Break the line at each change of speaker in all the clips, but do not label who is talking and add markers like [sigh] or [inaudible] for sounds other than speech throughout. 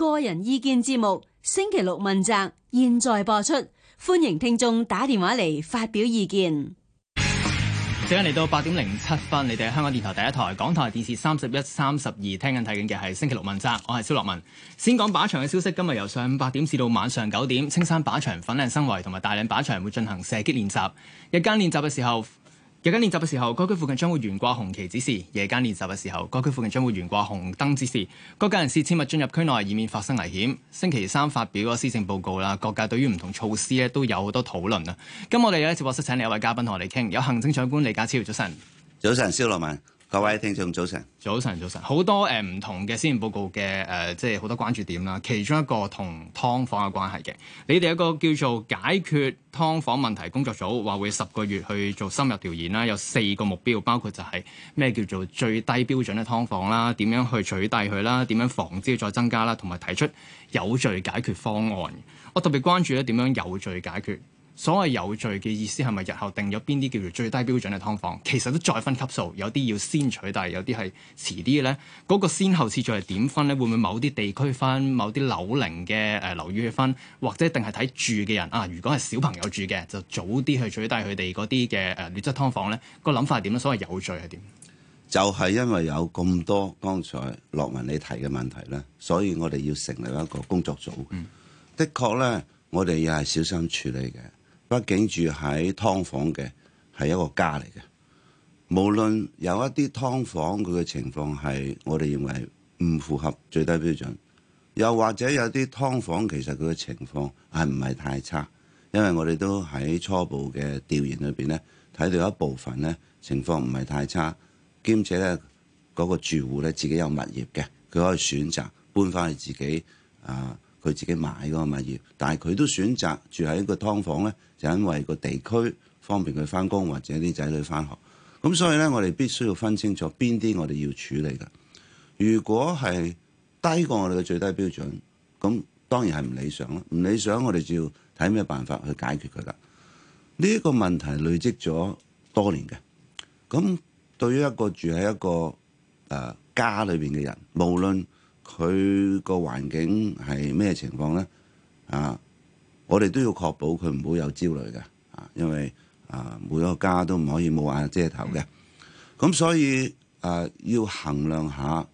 個人意見節目星期六問責，現在播出，歡迎聽眾打電話嚟發表意見。時間嚟到八點零七分，你哋喺香港電台第一台、港台電視三十一、三十二聽緊睇緊嘅係星期六問責，我係蕭樂文。先講靶場嘅消息，今日由上午八點至到晚上九點，青山靶場粉嶺新圍同埋大嶺靶場會進行射擊練習。日間練習嘅時候。日間練習嘅時候，該區附近將會懸掛紅旗指示；夜間練習嘅時候，該區附近將會懸掛紅燈指示。各界人士切勿進入區內，以免發生危險。星期三發表個施政報告啦，各界對於唔同措施咧都有好多討論啦。今日我哋喺直播室請嚟一位嘉賓同我哋傾，有行政長官李家超，早晨。
早晨，肖羅文。各位聽眾早，早晨，
早晨早晨，好多誒唔、呃、同嘅施政報告嘅誒、呃、即係好多關注點啦。其中一個同劏房嘅關係嘅，你哋一個叫做解決劏房問題工作組話會十個月去做深入調研啦，有四個目標，包括就係咩叫做最低標準嘅劏房啦，點樣去取締佢啦，點樣防止再增加啦，同埋提出有序解決方案。我特別關注咧點樣有序解決。所謂有序嘅意思係咪日後定咗邊啲叫做最低標準嘅劏房，其實都再分級數，有啲要先取締，但係有啲係遲啲嘅咧。嗰、那個先後次序係點分咧？會唔會某啲地區分某啲樓齡嘅誒樓宇去分，或者定係睇住嘅人啊？如果係小朋友住嘅，就早啲去取締佢哋嗰啲嘅誒劣質劏房咧。那個諗法係點咧？所謂有序係點？
就係因為有咁多剛才樂文你提嘅問題咧，所以我哋要成立一個工作組。嗯、的確咧，我哋又係小心處理嘅。畢竟住喺劏房嘅係一個家嚟嘅，無論有一啲劏房佢嘅情況係我哋認為唔符合最低標準，又或者有啲劏房其實佢嘅情況係唔係太差，因為我哋都喺初步嘅調研裏邊咧睇到一部分咧情況唔係太差，兼且咧嗰個住戶咧自己有物業嘅，佢可以選擇搬翻去自己啊佢自己買嗰個物業，但係佢都選擇住喺一個劏房咧。就因為個地區方便佢返工或者啲仔女返學，咁所以咧，我哋必須要分清楚邊啲我哋要處理嘅。如果係低過我哋嘅最低標準，咁當然係唔理想啦。唔理想，理想我哋就要睇咩辦法去解決佢啦。呢、這、一個問題累積咗多年嘅，咁對於一個住喺一個誒家裏邊嘅人，無論佢個環境係咩情況咧，啊！我哋都要確保佢唔好有焦慮嘅，啊，因為啊、呃，每一個家都唔可以冇瓦遮頭嘅。咁所以啊、呃，要衡量下啊、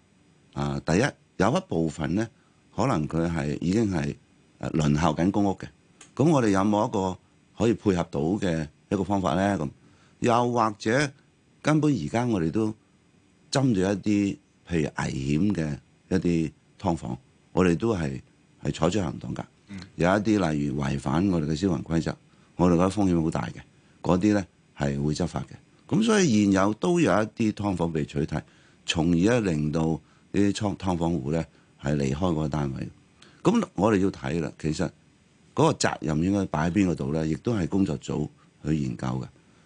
呃，第一有一部分咧，可能佢係已經係輪候緊公屋嘅。咁我哋有冇一個可以配合到嘅一個方法咧？咁又或者根本而家我哋都針住一啲譬如危險嘅一啲劏房，我哋都係係採取行動㗎。有一啲例如違反我哋嘅消防規則，我哋覺得風險好大嘅，嗰啲呢係會執法嘅。咁所以現有都有一啲劏房被取締，從而咧令到啲劏房戶呢係離開嗰個單位。咁我哋要睇啦，其實嗰個責任應該擺喺邊個度呢？亦都係工作組去研究嘅，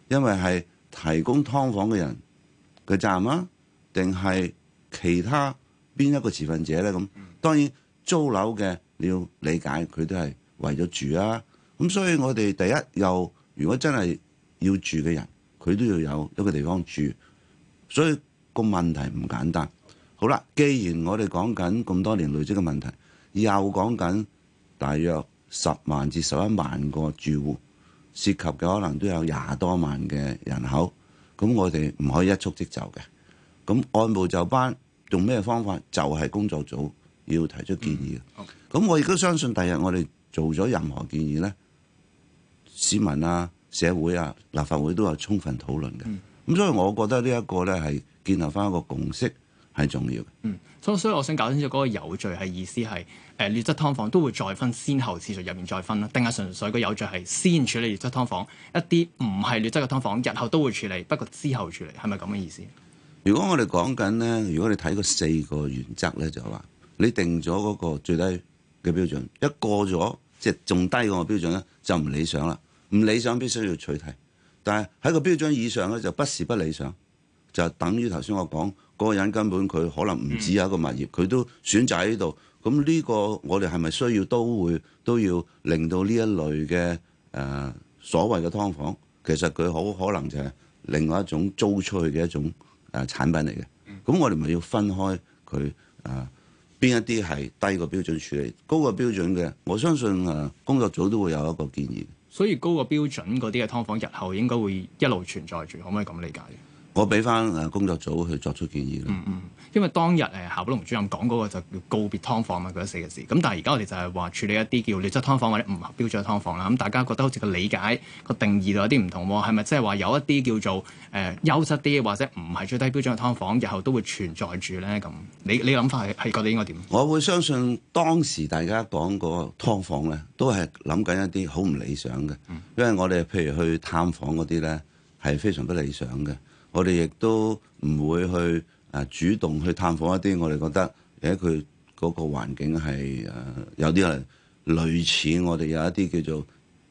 因為係提供劏房嘅人嘅責任啊，定係其他邊一個持份者呢？咁當然租樓嘅。你要理解佢都係為咗住啊，咁所以我哋第一又，如果真係要住嘅人，佢都要有一個地方住，所以個問題唔簡單。好啦，既然我哋講緊咁多年累積嘅問題，又講緊大約十萬至十一萬個住戶，涉及嘅可能都有廿多萬嘅人口，咁我哋唔可以一蹴即就嘅。咁按部就班，用咩方法？就係、是、工作組要提出建議。Okay. 咁我亦都相信第日我哋做咗任何建議咧，市民啊、社會啊、立法會都有充分討論嘅。咁、嗯、所以我覺得呢一個咧係建立翻一個共識係重要嘅。嗯，
所所以我想搞清楚嗰個有序係意思係誒、呃、劣質劏房都會再分先後次序入面再分啦，定係純粹個有序係先處理劣質劏房，一啲唔係劣質嘅劏房日後都會處理，不過之後處理係咪咁嘅意思？
如果我哋講緊咧，如果你睇過四個原則咧，就係話你定咗嗰個最低。嘅標準一過咗，即係仲低過我的標準咧，就唔理想啦。唔理想必須要取締，但係喺個標準以上咧，就不時不理想，就等於頭先我講嗰，那個人根本佢可能唔止有一個物業，佢、嗯、都選擇喺度。咁呢個我哋係咪需要都會都要令到呢一類嘅誒、呃、所謂嘅劏房，其實佢好可能就係另外一種租出去嘅一種誒、呃、產品嚟嘅。咁我哋咪要分開佢啊？呃邊一啲係低個標準處理，高個標準嘅，我相信誒工作組都會有一個建議。
所以高個標準嗰啲嘅劏房，日後應該會一路存在住，可唔可以咁理解？
我俾翻誒工作組去作出建議咯。嗯嗯，
因為當日誒夏寶龍主任講嗰個就叫告別劏房啊嘛，嗰、那、啲、個、死嘅事。咁但係而家我哋就係話處理一啲叫劣質劏房或者唔合標準嘅㓥房啦。咁、嗯、大家覺得好似個理解、那個定義有啲唔同喎，係咪即係話有一啲叫做誒、呃、優質啲或者唔係最低標準嘅劏房，日後都會存在住咧？咁你你諗法係係覺得應該點？我會相信
當時大家講嗰個劏房咧，都係諗緊一啲好唔理想嘅，嗯、因為我哋譬如去探訪嗰啲咧，係非常不理想嘅。我哋亦都唔會去誒主動去探訪一啲我哋覺得誒佢嗰個環境係誒有啲係類似我哋有一啲叫做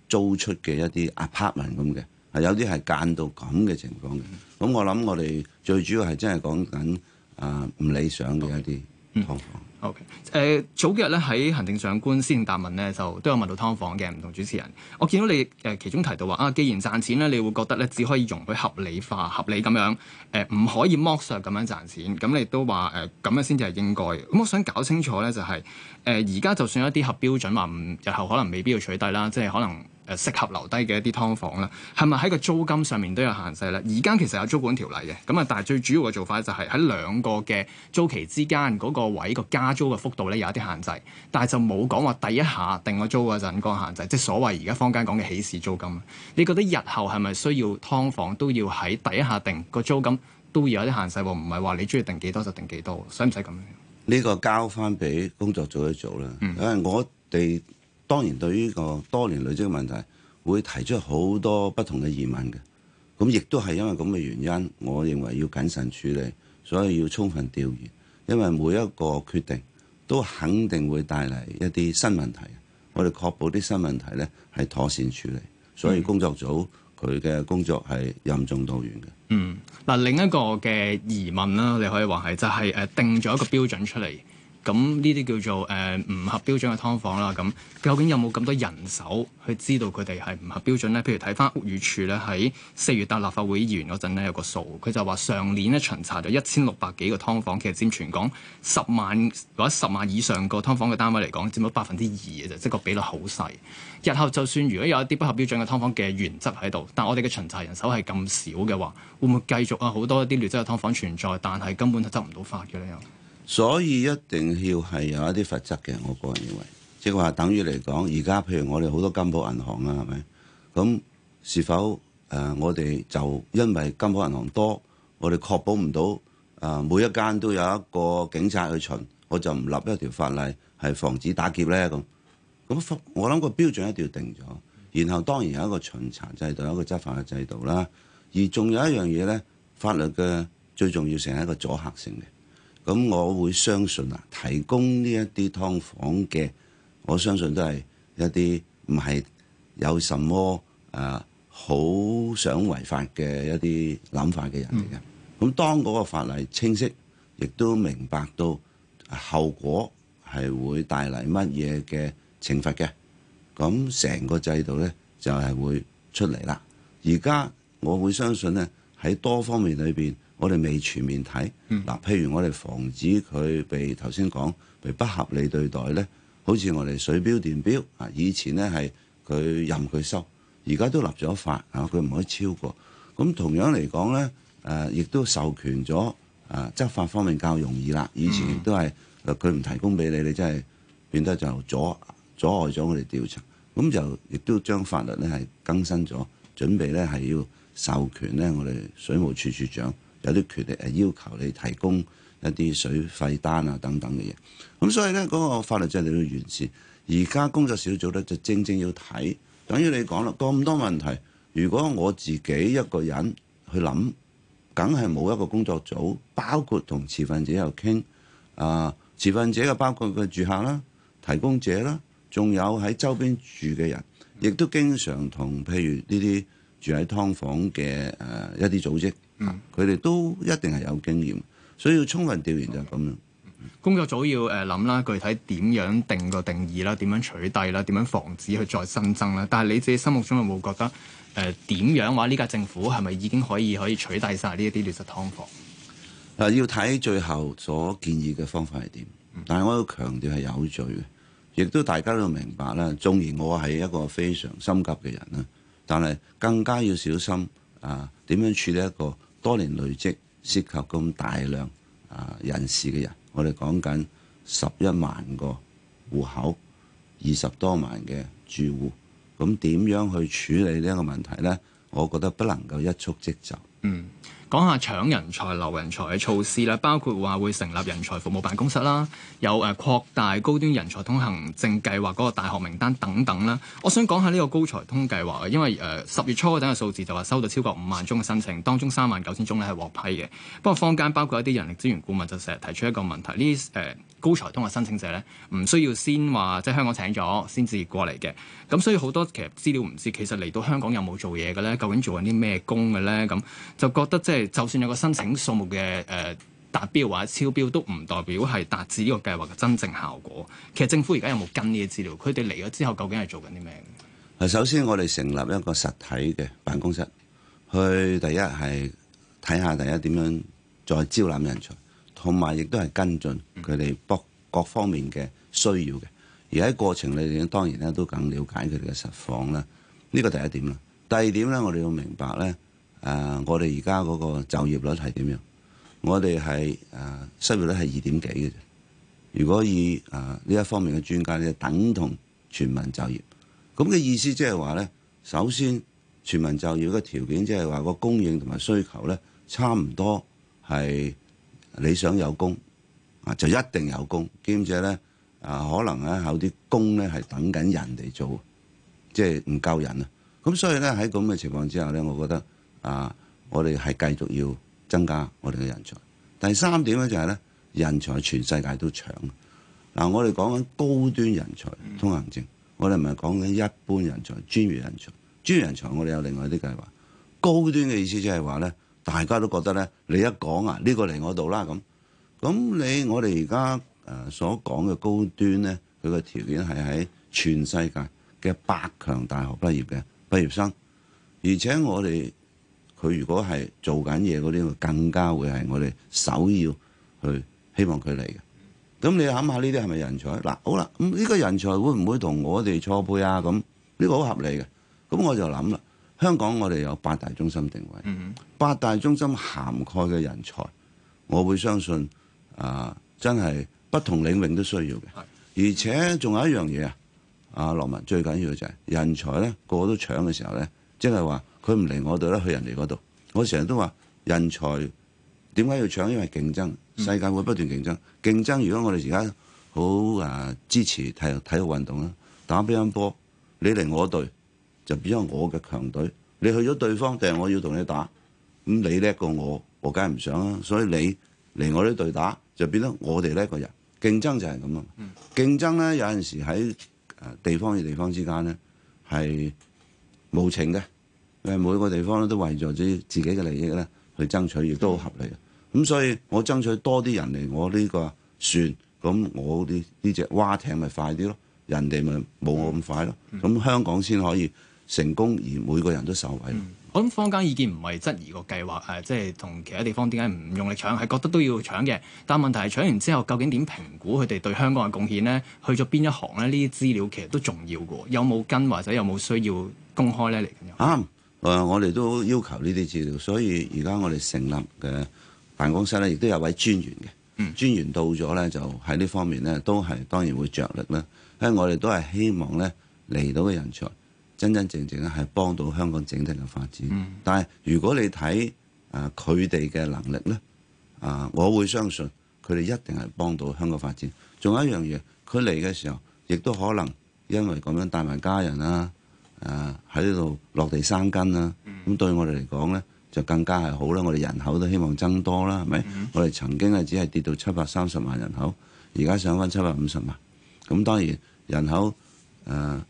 租出嘅一啲 apartment 咁嘅，係有啲係間到咁嘅情況嘅。咁我諗我哋最主要係真係講緊誒唔理想嘅一啲
劏房。OK，誒、呃、早幾日咧喺行政長官先答問咧，就都有問到劏房嘅唔同主持人。我見到你誒、呃、其中提到話啊，既然賺錢咧，你會覺得咧只可以容許合理化、合理咁樣誒，唔、呃、可以剝削咁樣賺錢。咁你都話誒咁樣先至係應該嘅。咁我想搞清楚咧就係誒而家就算一啲合標準話，唔日後可能未必要取締啦，即係可能誒適合留低嘅一啲劏房啦，係咪喺個租金上面都有限制咧？而家其實有租管條例嘅，咁啊，但係最主要嘅做法就係喺兩個嘅租期之間嗰個位、嗰個間。加租嘅幅度咧有一啲限制，但係就冇講話第一下定個租嗰陣講限制，即係所謂而家坊間講嘅起始租金。你覺得日後係咪需要劏房都要喺第一下定個租金都要有啲限制？唔係話你中意定幾多就定幾多，使唔使咁樣？
呢個交翻俾工作組去做啦。因為、嗯啊、我哋當然對於個多年累積嘅問題，會提出好多不同嘅疑問嘅。咁亦都係因為咁嘅原因，我認為要謹慎處理，所以要充分調研。因為每一個決定都肯定會帶嚟一啲新問題，我哋確保啲新問題咧係妥善處理，所以工作組佢嘅工作係任重道遠嘅。
嗯，嗱，另一個嘅疑問啦，你可以話係就係，誒定咗一個標準出嚟。咁呢啲叫做誒唔、uh, 合標準嘅劏房啦。咁究竟有冇咁多人手去知道佢哋係唔合標準咧？譬如睇返屋宇署咧，喺四月答立法會議員嗰陣咧有個數，佢就話上年咧巡查咗一千六百幾個劏房，其實佔全港十萬或者十萬以上個劏房嘅單位嚟講，佔咗百分之二嘅啫，即個比率好細。日後就算如果有一啲不合標準嘅劏房嘅原則喺度，但我哋嘅巡查人手係咁少嘅話，會唔會繼續啊好多一啲劣質嘅劏房存在，但係根本係執唔到法嘅咧？
所以一定要係有一啲罰則嘅，我個人認為，即係話等於嚟講，而家譬如我哋好多金舖銀行呀，係咪？咁是否誒、呃、我哋就因為金舖銀行多，我哋確保唔到誒每一間都有一個警察去巡，我就唔立一條法例係防止打劫呢？咁咁，我諗個標準一定要定咗，然後當然有一個巡查制度、有一個執法嘅制度啦。而仲有一樣嘢呢，法律嘅最重要性係一個阻嚇性嘅。咁我會相信啊，提供呢一啲劏房嘅，我相信都係一啲唔係有什麼啊好、呃、想違法嘅一啲諗法嘅人嚟嘅。咁、嗯、當嗰個法例清晰，亦都明白到後果係會帶嚟乜嘢嘅懲罰嘅，咁成個制度呢就係、是、會出嚟啦。而家我會相信呢，喺多方面裏邊。我哋未全面睇。嗱，譬如我哋防止佢被頭先講，被不合理對待咧，好似我哋水表電表啊，以前咧係佢任佢收，而家都立咗法嚇，佢唔可以超過。咁同樣嚟講咧，誒、呃、亦都授權咗啊，執、呃、法方面較容易啦。以前亦都係誒佢唔提供俾你，你真係變得就阻阻礙咗我哋調查。咁就亦都將法律咧係更新咗，準備咧係要授權咧，我哋水務署署長。有啲權力誒，要求你提供一啲水費單啊等等嘅嘢，咁所以呢，嗰、嗰個法律制度要完善，而家工作小組呢，就正正要睇，等於你講啦，咁多問題，如果我自己一個人去諗，梗係冇一個工作組，包括同持份者有傾，啊、呃、持份者嘅包括嘅住客啦、提供者啦，仲有喺周邊住嘅人，亦都經常同譬如呢啲住喺劏房嘅誒、呃、一啲組織。佢哋、嗯、都一定係有經驗，所以要充分調研就係咁樣。嗯、
工作組要誒諗啦，具體點樣定個定義啦，點樣取締啦，點樣防止佢再新增啦。但係你自己心目中有冇覺得誒點、呃、樣話呢？屆政府係咪已經可以可以取締晒呢一啲劣質劏房？
嗱、呃，要睇最後所建議嘅方法係點。但係我要強調係有罪嘅，亦都大家都明白啦。縱然我係一個非常心急嘅人啦，但係更加要小心啊點、呃、樣處理一個。多年累積，涉及咁大量啊人士嘅人，我哋講緊十一萬個戶口，二十多萬嘅住戶，咁點樣去處理呢一個問題呢？我覺得不能夠一蹴即就。嗯。
講下搶人才、留人才嘅措施啦，包括話會成立人才服務辦公室啦，有誒擴大高端人才通行證計劃嗰個大學名單等等啦。我想講下呢個高才通計劃，因為誒十月初嗰陣嘅數字就話收到超過五萬宗嘅申請，當中三萬九千宗咧係獲批嘅。不過坊間包括一啲人力資源顧問就成日提出一個問題，呢啲誒高才通嘅申請者咧，唔需要先話即係香港請咗先至過嚟嘅，咁所以好多其實資料唔知其實嚟到香港有冇做嘢嘅咧，究竟做緊啲咩工嘅咧，咁就覺得即係。就算有個申請數目嘅誒達標或者超標都唔代表係達至呢個計劃嘅真正效果。其實政府而家有冇跟呢啲資料，佢哋嚟咗之後究竟係做緊啲咩？
首先，我哋成立一個實體嘅辦公室，去第一係睇下第一點樣再招攬人才，同埋亦都係跟進佢哋各各方面嘅需要嘅。而喺過程裏邊當然咧都更了解佢哋嘅實況啦。呢個第一點啦。第二點咧，我哋要明白咧。誒、呃，我哋而家嗰個就業率係點樣？我哋係誒失業率係二點幾嘅啫。如果以誒呢、呃、一方面嘅專家，你、就是、等同全民就業咁嘅意思，即係話咧，首先全民就業嘅條件，即係話個供應同埋需求咧，差唔多係你想有工啊，就一定有工。兼且咧誒、呃，可能咧、啊、有啲工咧係等緊人哋做，即係唔夠人啊。咁所以咧喺咁嘅情況之下咧，我覺得。啊！我哋係繼續要增加我哋嘅人才。第三點咧就係咧，人才全世界都搶。嗱，我哋講緊高端人才通行證，我哋唔係講緊一般人才、專業人才。專業人才我哋有另外啲計劃。高端嘅意思即係話咧，大家都覺得咧，你一講啊，呢個嚟我度啦咁。咁你我哋而家誒所講嘅高端咧，佢嘅條件係喺全世界嘅百強大學畢業嘅畢業生，而且我哋。佢如果係做緊嘢嗰啲，更加會係我哋首要去希望佢嚟嘅。咁、嗯、你諗下呢啲係咪人才？嗱，好啦，咁、嗯、呢、這個人才會唔會同我哋錯配啊？咁呢、這個好合理嘅。咁我就諗啦，香港我哋有八大中心定位，嗯嗯八大中心涵蓋嘅人才，我會相信啊、呃，真係不同領域都需要嘅。是而且仲有一樣嘢啊，阿羅文最緊要嘅就係人才呢，個個，個都搶嘅時候呢，即係話。佢唔嚟我度咧，去人哋嗰度。我成日都話人才點解要搶？因為競爭，世界會不斷競爭。競爭如果我哋而家好誒支持體育體育運動啦，打乒乓波，你嚟我隊就變咗我嘅強隊。你去咗對方，定係我要同你打，咁你叻過我，我梗係唔想啦。所以你嚟我呢隊打就變咗我哋叻過人。競爭就係咁啊！競爭咧有陣時喺地方與地方之間咧係冇情嘅。誒每個地方咧都為咗啲自己嘅利益咧去爭取，亦都好合理。咁所以，我爭取多啲人嚟，我呢個船，咁我啲呢隻蛙艇咪快啲咯。人哋咪冇我咁快咯。咁、嗯、香港先可以成功，而每個人都受惠。
咁坊間意見唔係質疑個計劃，誒、啊，即係同其他地方點解唔用力搶，係覺得都要搶嘅。但問題係搶完之後，究竟點評估佢哋對香港嘅貢獻咧？去咗邊一行咧？呢啲資料其實都重要嘅，有冇跟或者有冇需要公開咧嚟？啱、
嗯。誒，我哋都要求呢啲資料，所以而家我哋成立嘅辦公室咧，亦都有位專員嘅。專、嗯、員到咗咧，就喺呢方面咧，都係當然會着力啦。因為我哋都係希望咧嚟到嘅人才真真正正咧，係幫到香港整體嘅發展。嗯、但係如果你睇誒佢哋嘅能力咧，啊、呃，我會相信佢哋一定係幫到香港發展。仲有一樣嘢，佢嚟嘅時候，亦都可能因為咁樣帶埋家人啦、啊！啊！喺呢度落地生根啊！咁對我哋嚟講呢，就更加係好啦。我哋人口都希望增多啦，係咪？嗯、我哋曾經係，只係跌到七百三十萬人口，而家上翻七百五十萬。咁當然人口誒、呃，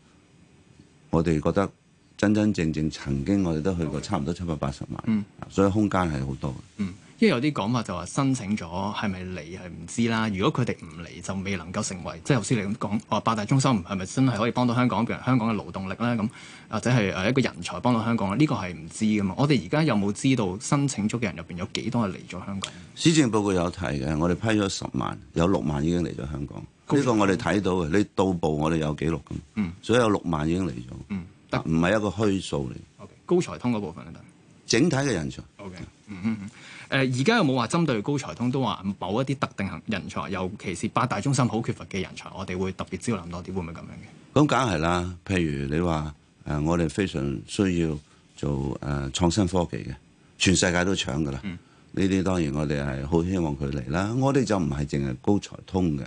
我哋覺得真真正正曾經我哋都去過差唔多七百八十萬，嗯、所以空間係好多嘅。嗯
即係有啲講法就話申請咗係咪嚟係唔知啦。如果佢哋唔嚟就未能夠成為，即係頭先你咁講哦，八大中心係咪真係可以幫到香港譬如香港嘅勞動力咧？咁或者係誒一個人才幫到香港咧？呢個係唔知噶嘛。我哋而家有冇知道申請咗嘅人入邊有幾多係嚟咗香港？
施政報告有提嘅，我哋批咗十萬，有六萬已經嚟咗香港。呢高才 個我哋睇到嘅，你到步我哋有記錄嘅。嗯，所以有六萬已經嚟咗。嗯，得，唔係一個虛數嚟。
高才通嗰部分，得。整體嘅人才。OK，嗯。 [laughs] 誒而家又冇話針對高才通，都話某一啲特定人才，尤其是八大中心好缺乏嘅人才，我哋會特別招攬多啲，會唔會咁樣嘅？
咁梗係啦，譬如你話誒、呃，我哋非常需要做誒、呃、創新科技嘅，全世界都搶噶啦。呢啲、嗯、當然我哋係好希望佢嚟啦。我哋就唔係淨係高才通嘅，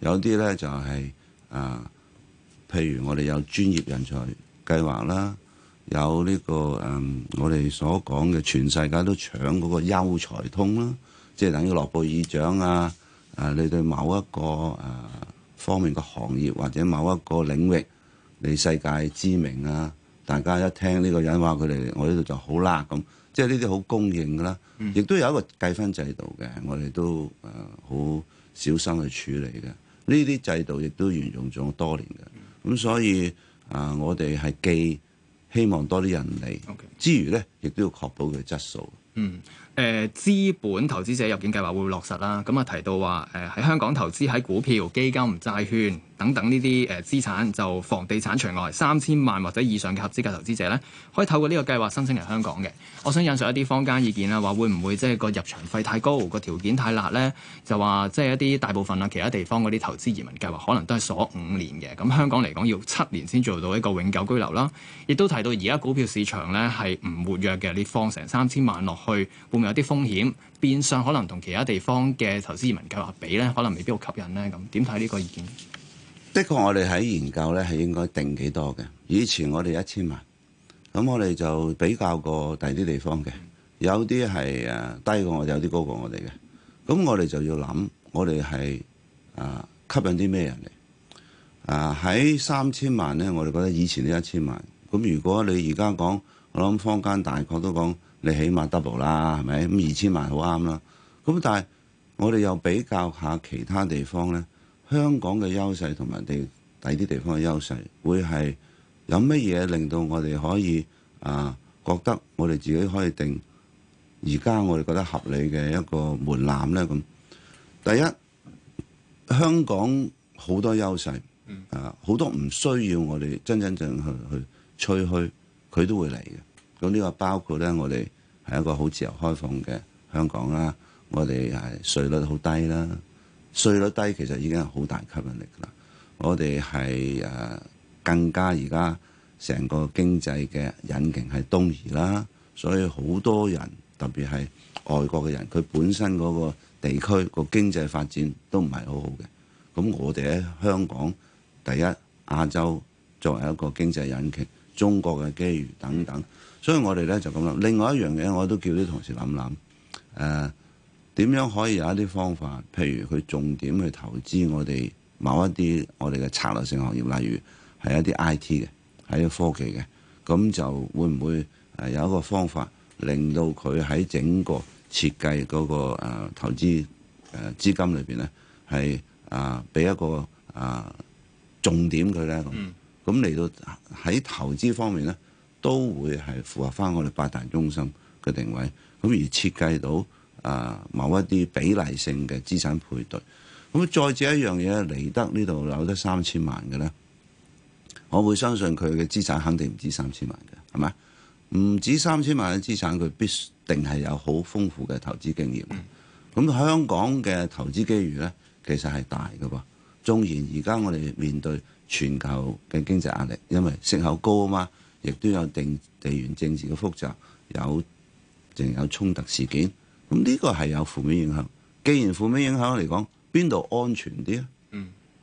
有啲咧就係、是、啊、呃，譬如我哋有專業人才計劃啦。有呢、這個誒、嗯，我哋所講嘅全世界都搶嗰個優才通啦，即係等於諾貝爾獎啊！誒、啊，你對某一個誒、啊、方面嘅行業或者某一個領域你世界知名啊，大家一聽呢個人話佢哋，我呢度就好啦咁，即係呢啲好公認㗎喇，亦都有一個計分制度嘅，我哋都誒好、啊、小心去處理嘅。呢啲制度亦都沿用咗多年嘅，咁所以啊，我哋係記。希望多啲人嚟，Okay. 之餘咧，亦都要確保佢質素。嗯，
誒、呃、資本投資者入境計劃會唔會落實啦？咁啊提到話，誒、呃、喺香港投資喺股票、基金、債券，等等呢啲誒資產就房地產除外，三千萬或者以上嘅合資格投資者咧，可以透過呢個計劃申請嚟香港嘅。我想引述一啲坊間意見啦，話會唔會即係個入場費太高，個條件太辣咧？就話即係一啲大部分啊，其他地方嗰啲投資移民計劃可能都係鎖五年嘅。咁香港嚟講要七年先做到一個永久居留啦。亦都提到而家股票市場咧係唔活躍嘅，你放成三千萬落去會唔會有啲風險？變相可能同其他地方嘅投資移民計劃比咧，可能未必好吸引咧。咁點睇呢個意見？
的確，我哋喺研究呢係應該定幾多嘅？以前我哋一千萬，咁我哋就比較過第啲地方嘅，有啲係誒低過我，有啲高過我哋嘅。咁我哋就要諗，我哋係吸引啲咩人嚟？啊喺三千萬呢，我哋覺得以前啲一千萬，咁如果你而家講，我諗坊間大概都講，你起碼 double 啦，係咪？咁二千萬好啱啦。咁但係我哋又比較下其他地方呢。香港嘅優勢同埋哋第啲地方嘅優勢，會係有乜嘢令到我哋可以啊覺得我哋自己可以定而家我哋覺得合理嘅一個門檻呢？咁，第一，香港好多優勢，啊好多唔需要我哋真真正去去吹噓，佢都會嚟嘅。咁呢個包括呢，我哋係一個好自由開放嘅香港啦，我哋係稅率好低啦。稅率低其實已經係好大吸引力㗎啦，我哋係誒更加而家成個經濟嘅引擎係東移啦，所以好多人特別係外國嘅人，佢本身嗰個地區個經濟發展都唔係好好嘅，咁我哋喺香港第一亞洲作為一個經濟引擎，中國嘅機遇等等，所以我哋咧就咁諗。另外一樣嘢我都叫啲同事諗諗誒。呃點樣可以有一啲方法？譬如佢重點去投資我哋某一啲我哋嘅策略性行業，例如係一啲 IT 嘅，係一啲科技嘅，咁就會唔會誒有一個方法令到佢喺整個設計嗰個、呃、投資誒資金裏邊咧係啊俾一個啊、呃、重點佢咧咁咁嚟到喺投資方面咧都會係符合翻我哋八大中心嘅定位咁而設計到。啊，某一啲比例性嘅資產配對，咁再借一樣嘢，嚟得呢度有得三千萬嘅呢。我會相信佢嘅資產肯定唔止三千萬嘅，係咪？唔止三千萬嘅資產，佢必定係有好豐富嘅投資經驗。咁香港嘅投資機遇呢，其實係大㗎喎。縱然而家我哋面對全球嘅經濟壓力，因為息口高啊嘛，亦都有定地緣政治嘅複雜，有仲有衝突事件。咁呢個係有負面影響。既然負面影響嚟講，邊度安全啲啊？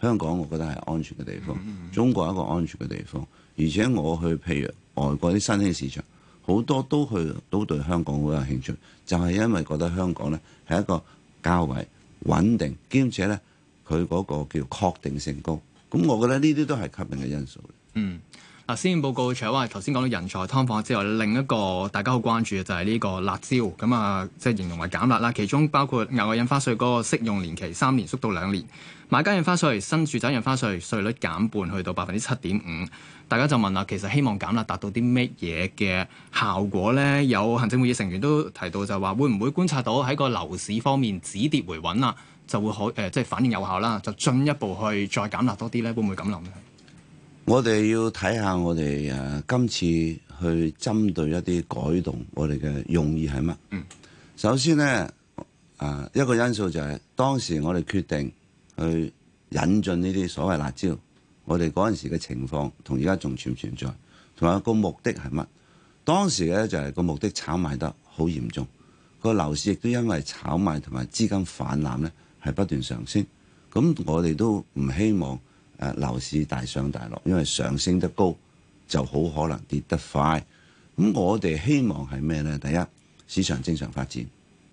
香港我覺得係安全嘅地方，中國一個安全嘅地方。而且我去譬如外國啲新興市場，好多都去都對香港好有興趣，就係因為覺得香港呢係一個較為穩定，兼且呢佢嗰個叫確定性高。咁我覺得呢啲都係吸引嘅因素。嗯。
啊！施政報告除咗話頭先講到人才湯房之外，另一個大家好關注嘅就係呢個辣招，咁啊，即係形容為減辣啦。其中包括額外印花稅嗰個適用年期三年縮到兩年，買家印花稅、新住宅印花稅稅率減半去到百分之七點五。大家就問啦，其實希望減辣達到啲咩嘢嘅效果咧？有行政會議成員都提到就話，會唔會觀察到喺個樓市方面止跌回穩啊，就會可誒、呃、即係反應有效啦，就進一步去再減辣多啲咧？會唔會咁諗咧？
我哋要睇下我哋誒、啊、今次去針對一啲改動，我哋嘅用意係乜？嗯、首先呢、啊，一個因素就係當時我哋決定去引進呢啲所謂辣招，我哋嗰陣時嘅情況同而家仲存唔存在，同埋個目的係乜？當時呢就係個目的炒賣得好嚴重，個樓市亦都因為炒賣同埋資金氾濫呢係不斷上升，咁我哋都唔希望。誒樓市大上大落，因為上升得高，就好可能跌得快。咁我哋希望係咩呢？第一，市場正常發展，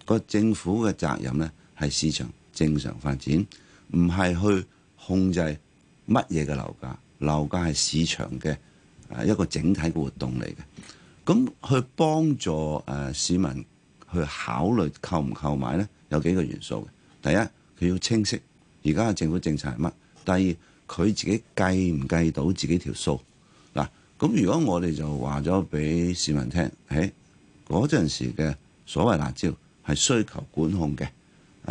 個政府嘅責任呢，係市場正常發展，唔係去控制乜嘢嘅樓價。樓價係市場嘅一個整體嘅活動嚟嘅。咁去幫助誒市民去考慮購唔購買呢，有幾個元素嘅。第一，佢要清晰，而家嘅政府政策係乜？第二。佢自己計唔計到自己條數？嗱，咁如果我哋就話咗俾市民聽，誒嗰陣時嘅所謂辣椒係需求管控嘅，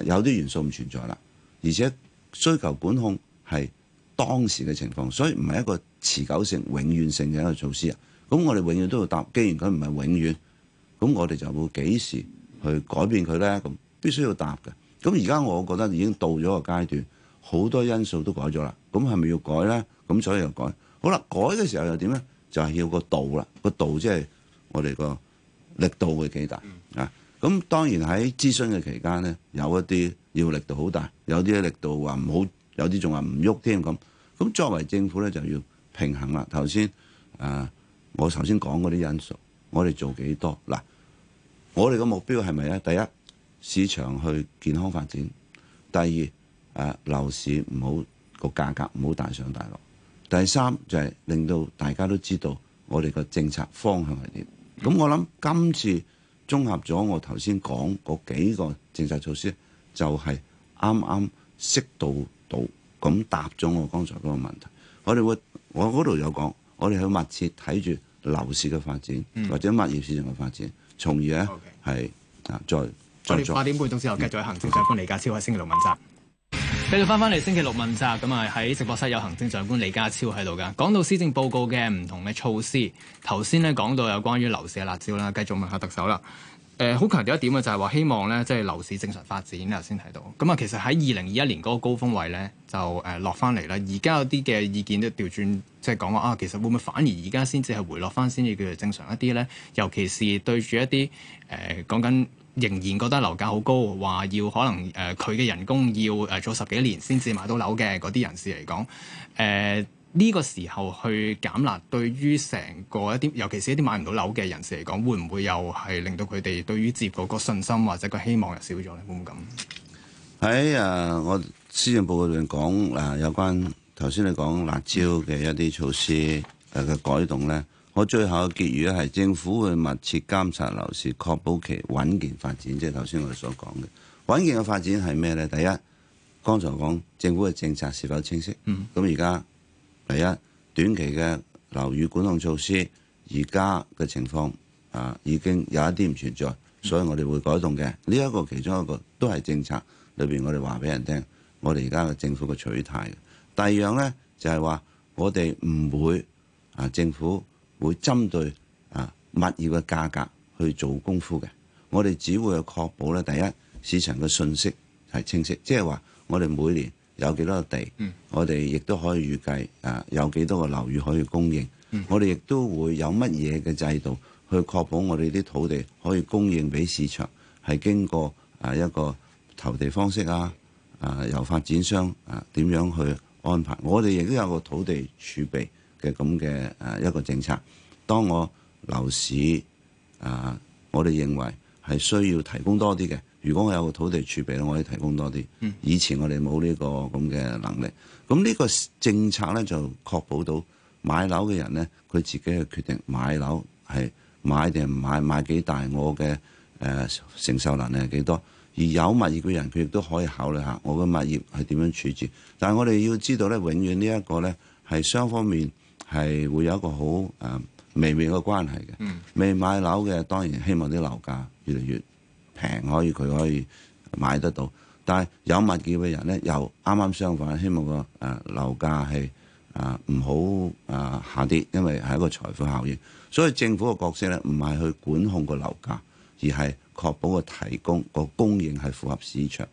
有啲元素唔存在啦，而且需求管控係當時嘅情況，所以唔係一個持久性、永遠性嘅一個措施啊。咁我哋永遠都要答，既然佢唔係永遠，咁我哋就會幾時去改變佢呢？咁必須要答嘅。咁而家我覺得已經到咗個階段，好多因素都改咗啦。咁係咪要改呢？咁所以又改好啦。改嘅時候又點呢？就係要個度啦。個度即係我哋個力度會幾大啊？咁當然喺諮詢嘅期間呢，有一啲要力度好大，有啲力度話唔好，有啲仲話唔喐添咁。咁作為政府呢，就要平衡啦。頭先啊，我頭先講嗰啲因素，我哋做幾多嗱？我哋嘅目標係咪呢？第一，市場去健康發展；第二，啊，樓市唔好。個價格唔好大上大落。第三就係、是、令到大家都知道我哋個政策方向係點。咁、嗯、我諗今次綜合咗我頭先講嗰幾個政策措施，就係啱啱適度到咁答咗我剛才嗰個問題。我哋會我嗰度有講，我哋去密切睇住樓市嘅發展，或者物業市場嘅發展，從而咧係啊再再。八點
半鐘之後繼續行政長官李家超喺星期六問責。繼續翻翻嚟，星期六問責，咁啊喺直播室有行政長官李家超喺度噶。講到施政報告嘅唔同嘅措施，頭先咧講到有關於樓市嘅辣招啦，繼續問下特首啦。誒、呃，好強調一點嘅就係話，希望咧即係樓市正常發展。頭先提到，咁、嗯、啊，其實喺二零二一年嗰個高峰位咧，就誒落翻嚟啦。而家有啲嘅意見都調轉，即係講話啊，其實會唔會反而而家先至係回落翻先至叫做正常一啲咧？尤其是對住一啲誒講緊。呃仍然覺得樓價好高，話要可能誒佢嘅人工要誒、呃、做十幾年先至買到樓嘅嗰啲人士嚟講，誒、呃、呢、這個時候去減辣，對於成個一啲，尤其是一啲買唔到樓嘅人士嚟講，會唔會又係令到佢哋對於接嗰個信心或者個希望又少咗咧？你會唔會咁？
喺啊、哎，我施政報告裏面講嗱、啊，有關頭先你講辣椒嘅一啲措施誒嘅、啊、改動咧。我最後嘅結語係政府會密切監察樓市，確保其穩健發展。即係頭先我哋所講嘅穩健嘅發展係咩呢？第一，剛才講政府嘅政策是否清晰？嗯。咁而家第一，短期嘅樓宇管控措施，而家嘅情況啊已經有一啲唔存在，所以我哋會改動嘅。呢一個其中一個都係政策裏邊，我哋話俾人聽，我哋而家嘅政府嘅取態。第二樣呢，就係話我哋唔會啊政府，會針對啊物業嘅價格去做功夫嘅，我哋只會去確保咧。第一，市場嘅信息係清晰，即係話我哋每年有幾多地，嗯、我哋亦都可以預計啊有幾多個樓宇可以供應。嗯、我哋亦都會有乜嘢嘅制度去確保我哋啲土地可以供應俾市場，係經過啊一個投地方式啊啊由發展商啊點樣去安排。我哋亦都有個土地儲備。嘅咁嘅誒一個政策，當我樓市啊、呃，我哋認為係需要提供多啲嘅。如果我有個土地儲備咧，我可以提供多啲。以前我哋冇呢個咁嘅能力。咁呢個政策咧就確保到買樓嘅人咧，佢自己去決定買樓係買定唔買，買，買幾大我嘅誒承受能力係幾多。而有物業嘅人，佢亦都可以考慮下我嘅物業係點樣處置。但係我哋要知道咧，永遠呢一個咧係雙方面。係會有一個好誒、呃、微妙嘅關係嘅。嗯、未買樓嘅當然希望啲樓價越嚟越平，可以佢可以買得到。但係有物業嘅人呢，又啱啱相反，希望個誒樓價係唔好啊下跌，因為係一個財富效應。所以政府嘅角色呢，唔係去管控個樓價，而係確保個提供、個供應係符合市場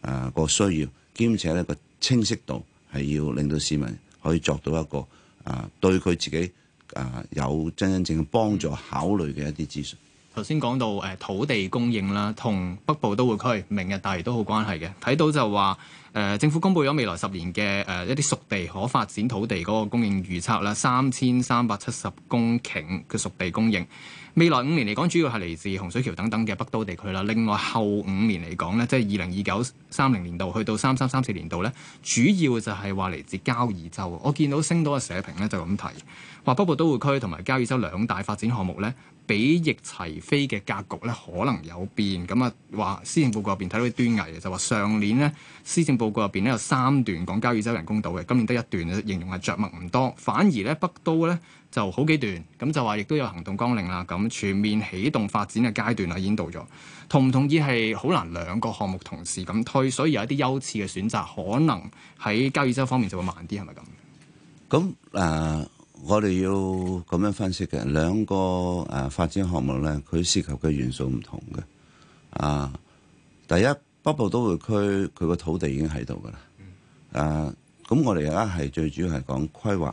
啊、呃個需要，兼且呢、個清晰度係要令到市民可以作到一個啊、呃，對佢自己啊、呃、有真真正正幫助考慮嘅一啲資訊。
頭先講到誒、欸、土地供應啦，同北部都會區明日大嶼都好關係嘅。睇到就話誒、呃、政府公佈咗未來十年嘅誒、呃、一啲熟地可發展土地嗰個供應預測啦，三千三百七十公頃嘅熟地供應。未來五年嚟講，主要係嚟自洪水橋等等嘅北都地區啦。另外後五年嚟講咧，即係二零二九三零年度去到三三三四年度咧，主要就係話嚟自交椅洲。我見到星島嘅社評咧就咁提，話北部都會區同埋交椅洲兩大發展項目咧。比翼齊飛嘅格局咧，可能有變。咁、嗯、啊，話施政報告入邊睇到啲端倪嘅，就話上年咧施政報告入邊咧有三段講交椅洲人工島嘅，今年得一段形容係着墨唔多。反而咧北都咧就好幾段，咁、嗯、就話亦都有行動綱領啦，咁、嗯、全面起動發展嘅階段啦已經到咗。同唔同意係好難兩個項目同時咁推，所以有一啲優次嘅選擇，可能喺交椅洲方面就會慢啲，係咪咁？
咁啊？Uh 我哋要咁樣分析嘅，兩個誒、呃、發展項目咧，佢涉及嘅元素唔同嘅。啊，第一北部都會區，佢個土地已經喺度噶啦。啊，咁我哋而家係最主要係講規劃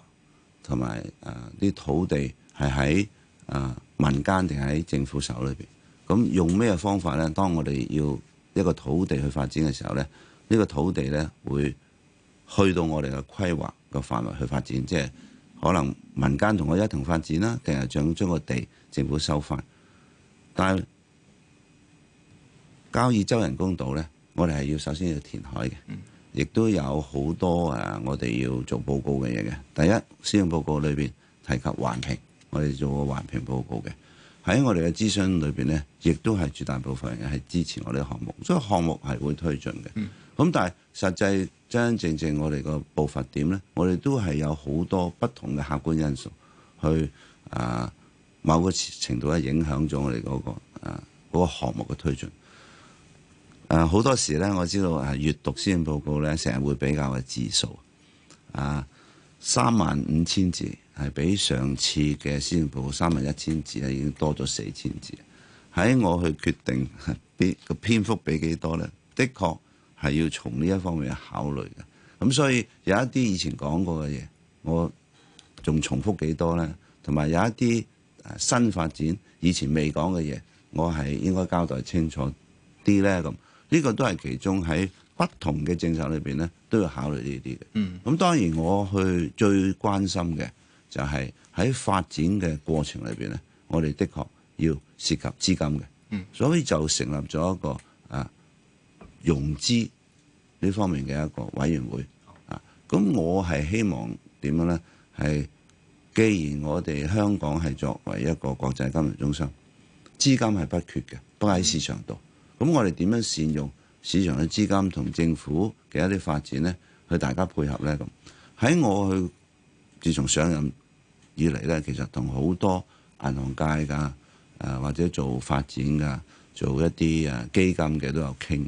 同埋誒啲土地係喺誒民間定喺政府手裏邊。咁、嗯、用咩方法咧？當我哋要一個土地去發展嘅時候咧，呢、這個土地咧會去到我哋嘅規劃個範圍去發展，即係。可能民間同我一同發展啦，定係想將個地政府收翻。但係，交椅洲人工島咧，我哋係要首先要填海嘅，亦都有好多誒、啊，我哋要做報告嘅嘢嘅。第一，施政報告裏邊提及環評，我哋做個環評報告嘅。喺我哋嘅諮詢裏邊咧，亦都係絕大部分人係支持我哋項目，所以項目係會推進嘅。嗯咁但係實際真真正正我，我哋個步伐點咧？我哋都係有好多不同嘅客觀因素去啊、呃，某個程度咧影響咗我哋嗰、那個啊嗰、呃那個項目嘅推進。誒、呃、好多時咧，我知道係閲、啊、讀施政報告咧，成日會比較嘅字數啊，三萬五千字係比上次嘅施政報告三萬一千字啊，已經多咗四千字。喺我去決定邊個篇幅俾幾多咧，的確。係要從呢一方面考慮嘅，咁所以有一啲以前講過嘅嘢，我仲重複幾多呢？同埋有一啲新發展，以前未講嘅嘢，我係應該交代清楚啲呢。咁呢個都係其中喺不同嘅政策裏邊呢，都要考慮呢啲嘅。嗯，咁當然我去最關心嘅就係喺發展嘅過程裏邊呢，我哋的確要涉及資金嘅。嗯，所以就成立咗一個。融資呢方面嘅一個委員會啊，咁我係希望點樣呢？係既然我哋香港係作為一個國際金融中心，資金係不缺嘅，不喺市場度。咁我哋點樣善用市場嘅資金同政府嘅一啲發展呢？去大家配合呢？咁喺我去自從上任以嚟呢，其實同好多銀行界㗎或者做發展㗎做一啲誒基金嘅都有傾。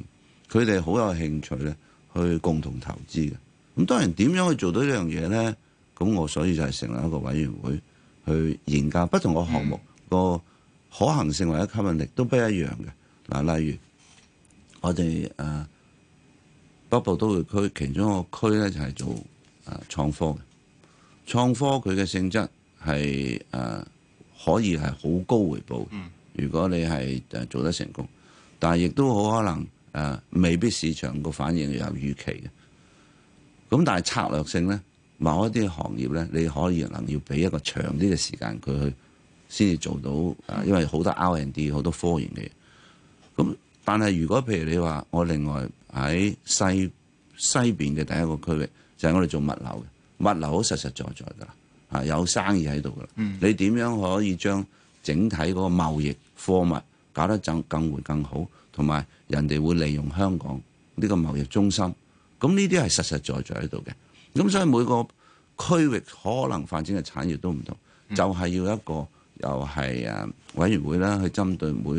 佢哋好有興趣咧，去共同投資嘅。咁當然點樣去做到呢樣嘢呢？咁我所以就係成立一個委員會去研究不同嘅項目嘅可行性或者吸引力都不一樣嘅。嗱，例如我哋誒、啊、北部都會區其中一個區呢就係、是、做誒創科嘅，創科佢嘅性質係誒、啊、可以係好高回報，如果你係誒做得成功，但係亦都好可能。誒、啊、未必市場個反應有預期嘅，咁但係策略性咧，某一啲行業咧，你可以能要俾一個長啲嘅時間佢去，先至做到。誒、啊，因為好多 R&D 好多科研嘅嘢。咁但係如果譬如你話，我另外喺西西邊嘅第一個區域，就係、是、我哋做物流嘅，物流好實實在在㗎啦，啊有生意喺度㗎啦。嗯、你點樣可以將整體嗰個貿易貨物搞得更更活更好？同埋人哋會利用香港呢個貿易中心，咁呢啲係實實在在喺度嘅。咁所以每個區域可能發展嘅產業都唔同，就係、是、要一個又係啊委員會啦，去針對每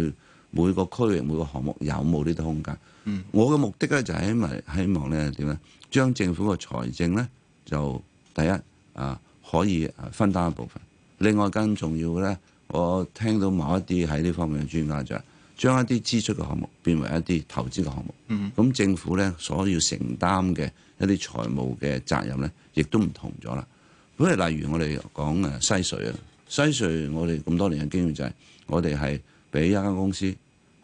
每個區域每個項目有冇呢啲空間。嗯、我嘅目的咧就係因為希望咧點咧，將政府嘅財政咧就第一啊可以分擔一部分。另外更重要咧，我聽到某一啲喺呢方面嘅專家就係。將一啲支出嘅項目變為一啲投資嘅項目，咁政府呢所要承擔嘅一啲財務嘅責任呢，亦都唔同咗啦。咁例如我哋講誒西隧啊，西隧我哋咁多年嘅經驗就係，我哋係俾一間公司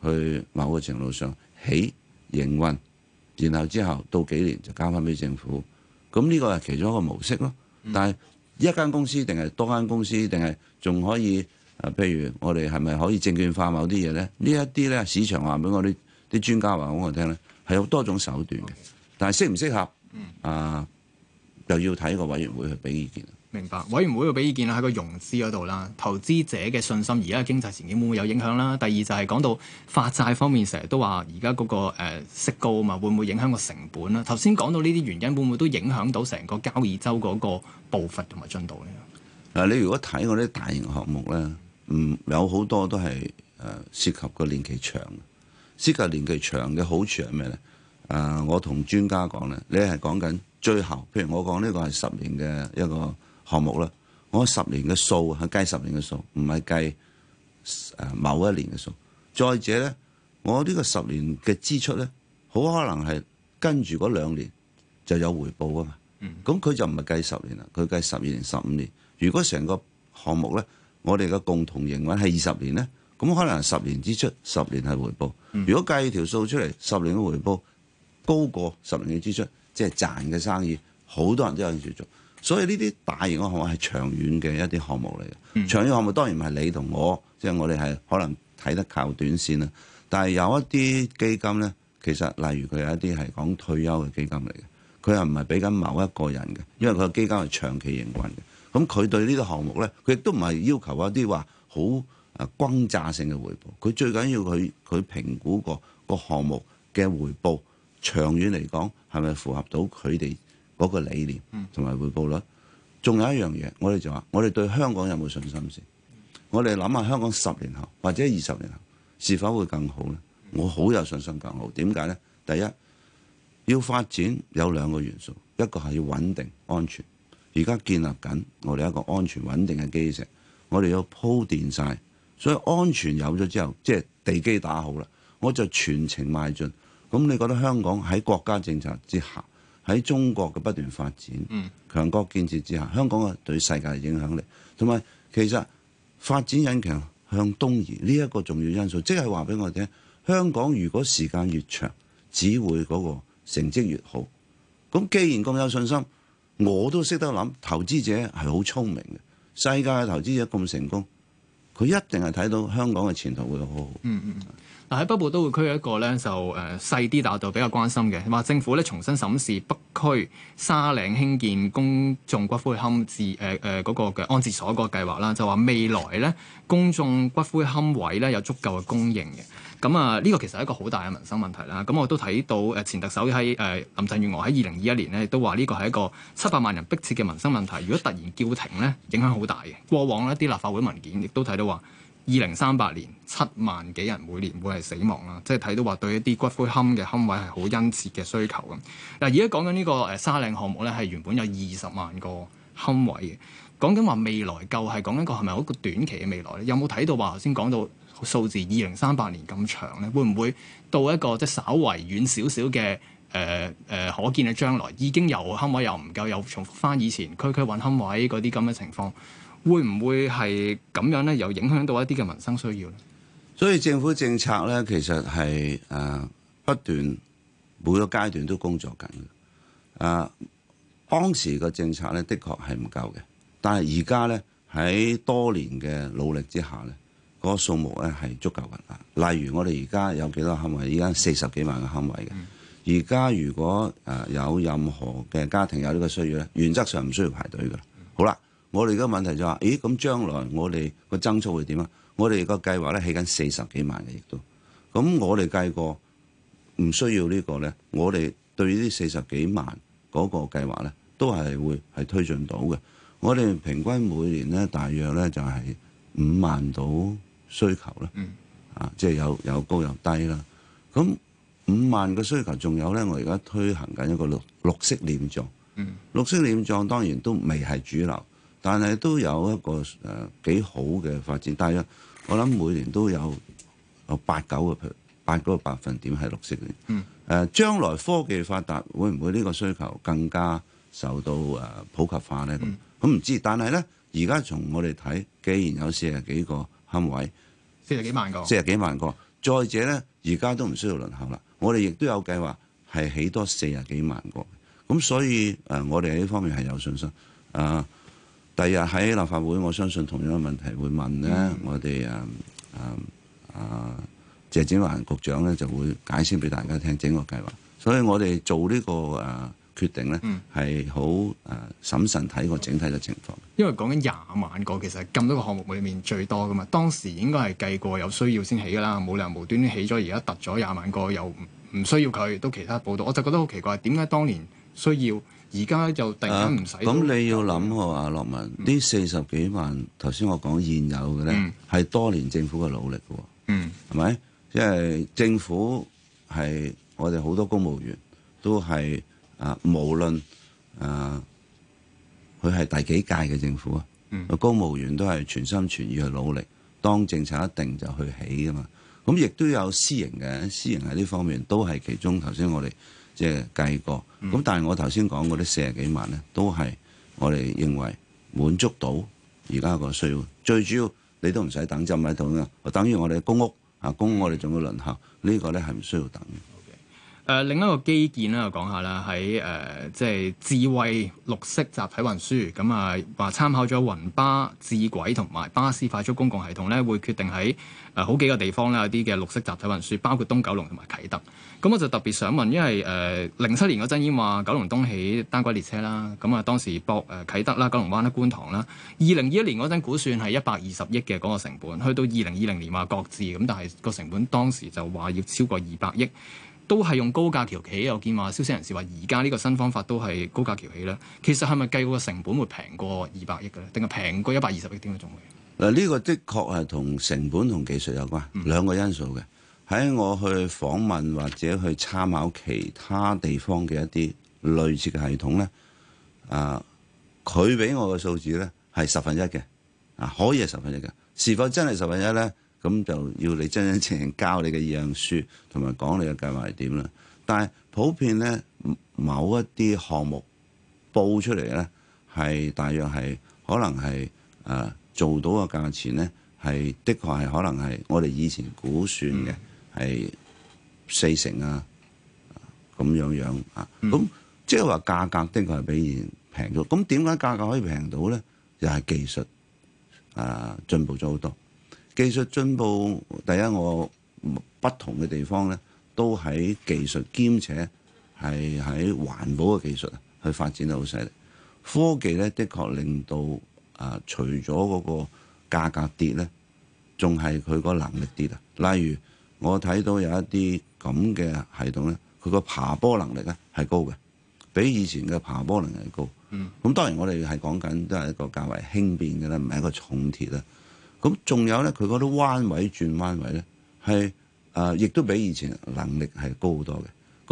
去某個程度上起營運，然後之後到幾年就交翻俾政府，咁呢個係其中一個模式咯。但係一間公司定係多間公司，定係仲可以？啊，譬如我哋係咪可以證券化某啲嘢咧？呢一啲咧，市場話俾我哋啲專家話俾我聽咧，係有多種手段嘅，Okay. 但係適唔適合？嗯，啊，就要睇個委員會去俾
意見。明白，委員會要俾意見啦，喺個融資嗰度啦，投資者嘅信心而家經濟前景會唔會有影響啦？第二就係講到發債方面、那個，成日都話而家嗰個息高啊嘛，會唔會影響個成本啦？頭先講到呢啲原因，會唔會都影響到成個交椅洲嗰個步伐同埋進度咧？
嗱、啊，你如果睇我啲大型項目咧。嗯，有好多都係誒涉及個年期長，涉及年期長嘅好處係咩咧？誒、呃，我同專家講咧，你係講緊最後，譬如我講呢個係十年嘅一個項目啦。我十年嘅數係計十年嘅數，唔係計誒某一年嘅數。再者咧，我呢個十年嘅支出咧，好可能係跟住嗰兩年就有回報啊嘛。咁佢就唔係計十年啦，佢計十二年、十五年。如果成個項目咧，我哋嘅共同營運係二十年呢。咁可能十年支出，十年係回報。如果計條數出嚟，十年嘅回報高過十年嘅支出，即係賺嘅生意，好多人都有興趣做。所以呢啲大型嘅項目係長遠嘅一啲項目嚟嘅。嗯、長遠項目當然唔係你同我，即、就、係、是、我哋係可能睇得靠短線啦。但係有一啲基金呢，其實例如佢有一啲係講退休嘅基金嚟嘅，佢又唔係俾緊某一個人嘅，因為佢嘅基金係長期營運嘅。咁佢對呢個項目呢，佢亦都唔係要求一啲話好誒轟炸性嘅回報。佢最緊要佢佢評估個個項目嘅回報長遠嚟講，係咪符合到佢哋嗰個理念，同埋回報率。仲有一樣嘢，我哋就話，我哋對香港有冇信心先？我哋諗下香港十年後或者二十年後是否會更好呢？我好有信心更好。點解呢？第一要發展有兩個元素，一個係要穩定安全。而家建立緊我哋一個安全穩定嘅基石，我哋要鋪墊晒。所以安全有咗之後，即係地基打好啦，我就全程邁進。咁你覺得香港喺國家政策之下，喺中國嘅不斷發展、嗯、強國建設之下，香港嘅對世界嘅影響力，同埋其實發展引擎向東移呢一個重要因素，即係話俾我哋聽，香港如果時間越長，只會嗰個成績越好。咁既然咁有信心。我都識得諗，投資者係好聰明嘅，世界嘅投資者咁成功，佢一定係睇到香
港嘅前途會好好。嗯嗯。嗱，喺北部都會區一個咧就誒、呃、細啲，但係我比較關心嘅，話政府咧重新審視北區沙嶺興建公眾骨灰龕置誒誒嗰個嘅安置所個計劃啦，就話未來咧公眾骨灰龕位咧有足夠嘅供應嘅，咁啊呢、呢個其實係一個好大嘅民生問題啦。咁我都睇到誒、呃、前特首喺誒、呃、林鄭月娥喺二零二一年咧都話呢個係一個七百萬人逼切嘅民生問題。如果突然叫停咧，影響好大嘅。過往一啲立法會文件亦都睇到話，二零三八年七萬幾人每年會係死亡啦，即係睇到話對一啲骨灰龕嘅龕位係好殷切嘅需求咁。嗱，而家講緊呢個誒沙嶺項目咧，係原本有二十萬個龕位嘅，講緊話未來夠，係講緊個係咪一個短期嘅未來咧？有冇睇到話頭先講到數字二零三八年咁長咧，會唔會到一個即係稍為遠少少嘅誒誒可見嘅將來已經有龕位又唔夠，又重複翻以前區區揾龕位嗰啲咁嘅情況？會唔會係咁樣咧？又影響到一啲嘅民生需要咧？
所以政府政策咧，其實係誒、呃、不斷每個階段都工作緊嘅。誒、呃、當時嘅政策咧，的確係唔夠嘅。但係而家咧喺多年嘅努力之下咧，嗰、那個數目咧係足夠㗎啦。例如我哋而家有幾多龕位？而家四十幾萬嘅龕位嘅。而家、嗯、如果誒、呃、有任何嘅家庭有呢個需要咧，原則上唔需要排隊嘅。嗯、好啦。我哋而家問題就話，咦，咁將來我哋個增速會點啊？我哋個計劃咧起緊四十幾萬嘅，亦都咁。我哋計過唔需要呢個咧，我哋對於呢四十幾萬嗰個計劃咧，都係會係推進到嘅。我哋平均每年咧，大約咧就係五萬到需求啦。嗯、啊，即係有有高有低啦。咁五萬嘅需求仲有咧，我而家推行緊一個綠綠色殮葬。嗯。綠色殮葬、嗯、當然都未係主流。但係都有一個誒、呃、幾好嘅發展，大約我諗每年都有有八九個八九個百分點係綠色嘅。誒、嗯呃。將來科技發達會唔會呢個需求更加受到誒、呃、普及化咧？咁唔、嗯、知。但係咧，而家從我哋睇，既然有四十幾個堪位，
四
十幾萬個，四十幾萬個。再者咧，而家都唔需要輪候啦。我哋亦都有計劃係起多四十幾萬個。咁所以誒、呃，我哋喺呢方面係有信心啊。呃呃呃呃第日喺立法會，我相信同樣嘅問題會問呢。嗯、我哋啊啊啊謝展華局長咧就會解釋俾大家聽整個計劃。所以我哋做呢、這個誒、啊、決定呢，係好誒審慎睇過整體
嘅情況。因為講緊廿萬個，其實咁多個項目裏面最多噶嘛。當時應該係計過有需要先起噶啦，冇理由無端端起咗，而家突咗廿萬個又唔需要佢，都其他報道，我就覺得好奇怪，點解當年需要？而家就定唔使，咁、啊、你要諗喎，
阿樂文，呢四十幾萬頭先我講現有嘅呢係多年政府嘅努力嘅喎，係咪、嗯？即係、就是、政府係我哋好多公務員都係啊，無論啊，佢係第幾屆嘅政府啊，嗯、公務員都係全心全意去努力，當政策一定就去起嘅嘛。咁亦都有私營嘅，私營喺呢方面都係其中。頭先我哋。即係計過，咁但係我頭先講嗰啲四十幾萬咧，都係我哋認為滿足到而家個需要。最主要你都唔使等就買到嘅，等於我哋公屋啊，公屋我哋仲要輪候，呢、呢個咧係唔需要等嘅。誒、
Okay. 呃，另一個基建咧、呃，就講下啦，喺誒即係智慧綠色集體運輸，咁啊話參考咗雲巴、智軌同埋巴士快速公共系統咧，會決定喺誒好幾個地方咧有啲嘅綠色集體運輸，包括東九龍同埋啟德。咁我就特別想問，因為誒零七年嗰陣已經話九龍東起單軌列車啦，咁啊當時博誒、呃、啟德啦、九龍灣啦、觀塘啦。二零二一年嗰陣估算係一百二十億嘅嗰個成本，去到二零二零年話各自咁，但係個成本當時就話要超過二百億，都係用高架橋起。我見話消息人士話，而家呢個新方法都係高架橋起啦。其實係咪計個成本會平過二百億嘅定係平過一百二十億點都仲？
嗱，呢個的確係同成本同技術有關、嗯、兩個因素嘅。喺我去訪問或者去參考其他地方嘅一啲類似嘅系統呢啊，佢俾我嘅數字呢係十分一嘅，啊可以係十分一嘅，是否真係十分一呢？咁就要你真真正正交你嘅樣書，同埋講你嘅計劃係點啦。但係普遍呢某一啲項目報出嚟呢，係大約係可能係啊做到嘅價錢呢，係的確係可能係我哋以前估算嘅。嗯係四成啊，咁樣樣啊，咁、啊嗯、即係話價格的確係比以前平咗。咁點解價格可以平到咧？又、就、係、是、技術啊，進步咗好多。技術進步，第一我不同嘅地方咧，都喺技術兼且係喺環保嘅技術啊，去發展得好犀利。科技咧的確令到啊，除咗嗰個價格跌咧，仲係佢嗰個能力跌啊。例如我睇到有一啲咁嘅系統咧，佢個爬坡能力咧係高嘅，比以前嘅爬坡能力係高。咁、嗯、當然我哋係講緊都係一個較為輕便嘅啦，唔係一個重鐵啦。咁仲有咧，佢嗰啲彎位轉彎位咧，係、呃、誒亦都比以前能力係高好多嘅。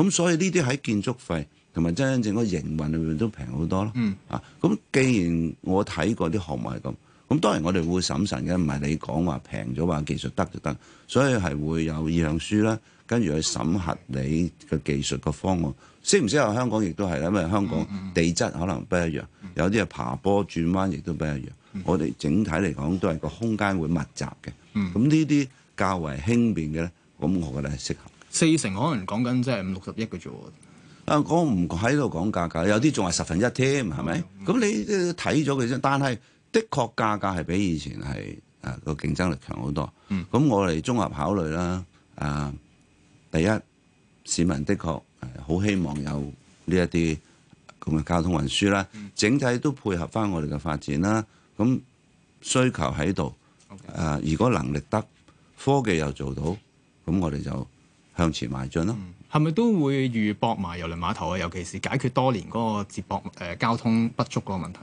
咁所以呢啲喺建築費同埋真正個營運裏面都平好多咯。嗯、啊，咁既然我睇過啲項目係咁。咁當然我哋會審慎嘅，唔係你講話平咗話技術得就得，所以係會有意向書啦，跟住去審核你嘅技術個方案適唔適合香港，亦都係因為香港地質可能不一樣，有啲係爬坡轉彎亦都不一樣。嗯、我哋整體嚟講都係個空間會密集嘅。咁呢啲較為輕便嘅咧，咁我覺得係適合。四成可能講緊即係五六十億嘅啫，啊我唔喺度講價格，有啲仲係十分一添，係咪？咁、嗯嗯嗯、你睇咗佢啫，但係。的確價格係比以前係誒個競爭力強好多。咁、嗯、我哋綜合考慮啦，誒、呃、第一市民的確好希望有呢一啲咁嘅交通運輸啦，嗯、整體都配合翻我哋嘅發展啦，咁需求喺度，誒 Okay.、呃、如果能力得，科技又做到，咁我哋就向前邁進咯。
係咪、嗯、都會預博埋郵輪碼頭啊？尤其是解決多年嗰個接駁誒、呃、交通不足嗰個問題。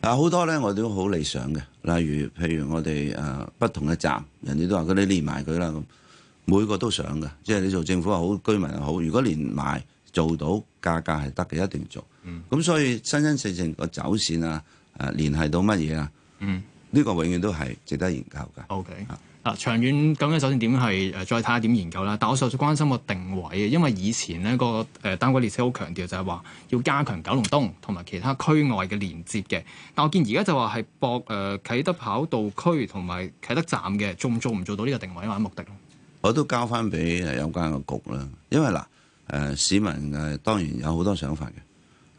嗱
好多咧，我哋都好理想嘅，例如譬如我哋誒、呃、不同嘅站，人哋都話：「嗰啲連埋佢啦，每個都想嘅，即係你做政府又好，居民又好，如果連埋做到價格係得嘅，一定做。咁、嗯、所以新新四正個走線啊，誒、呃、聯繫到乜嘢啊？嗯，呢個永遠都係值得研究嘅。O Okay . K.、啊。
嗱，長遠咁咧，首先點樣係誒，再睇下點研究啦。但我首先關心個定位嘅，因為以前呢個誒、呃、單軌列車好強調就係話要加強九龍東同埋其他區外嘅連接嘅。但我見而家就話係駁誒啟、呃、德跑道區同埋啟德站嘅，做唔做唔做到呢個定位或者目的
我都交翻俾誒有關嘅局啦。因為嗱誒、呃、市民誒當然有好多想法嘅誒、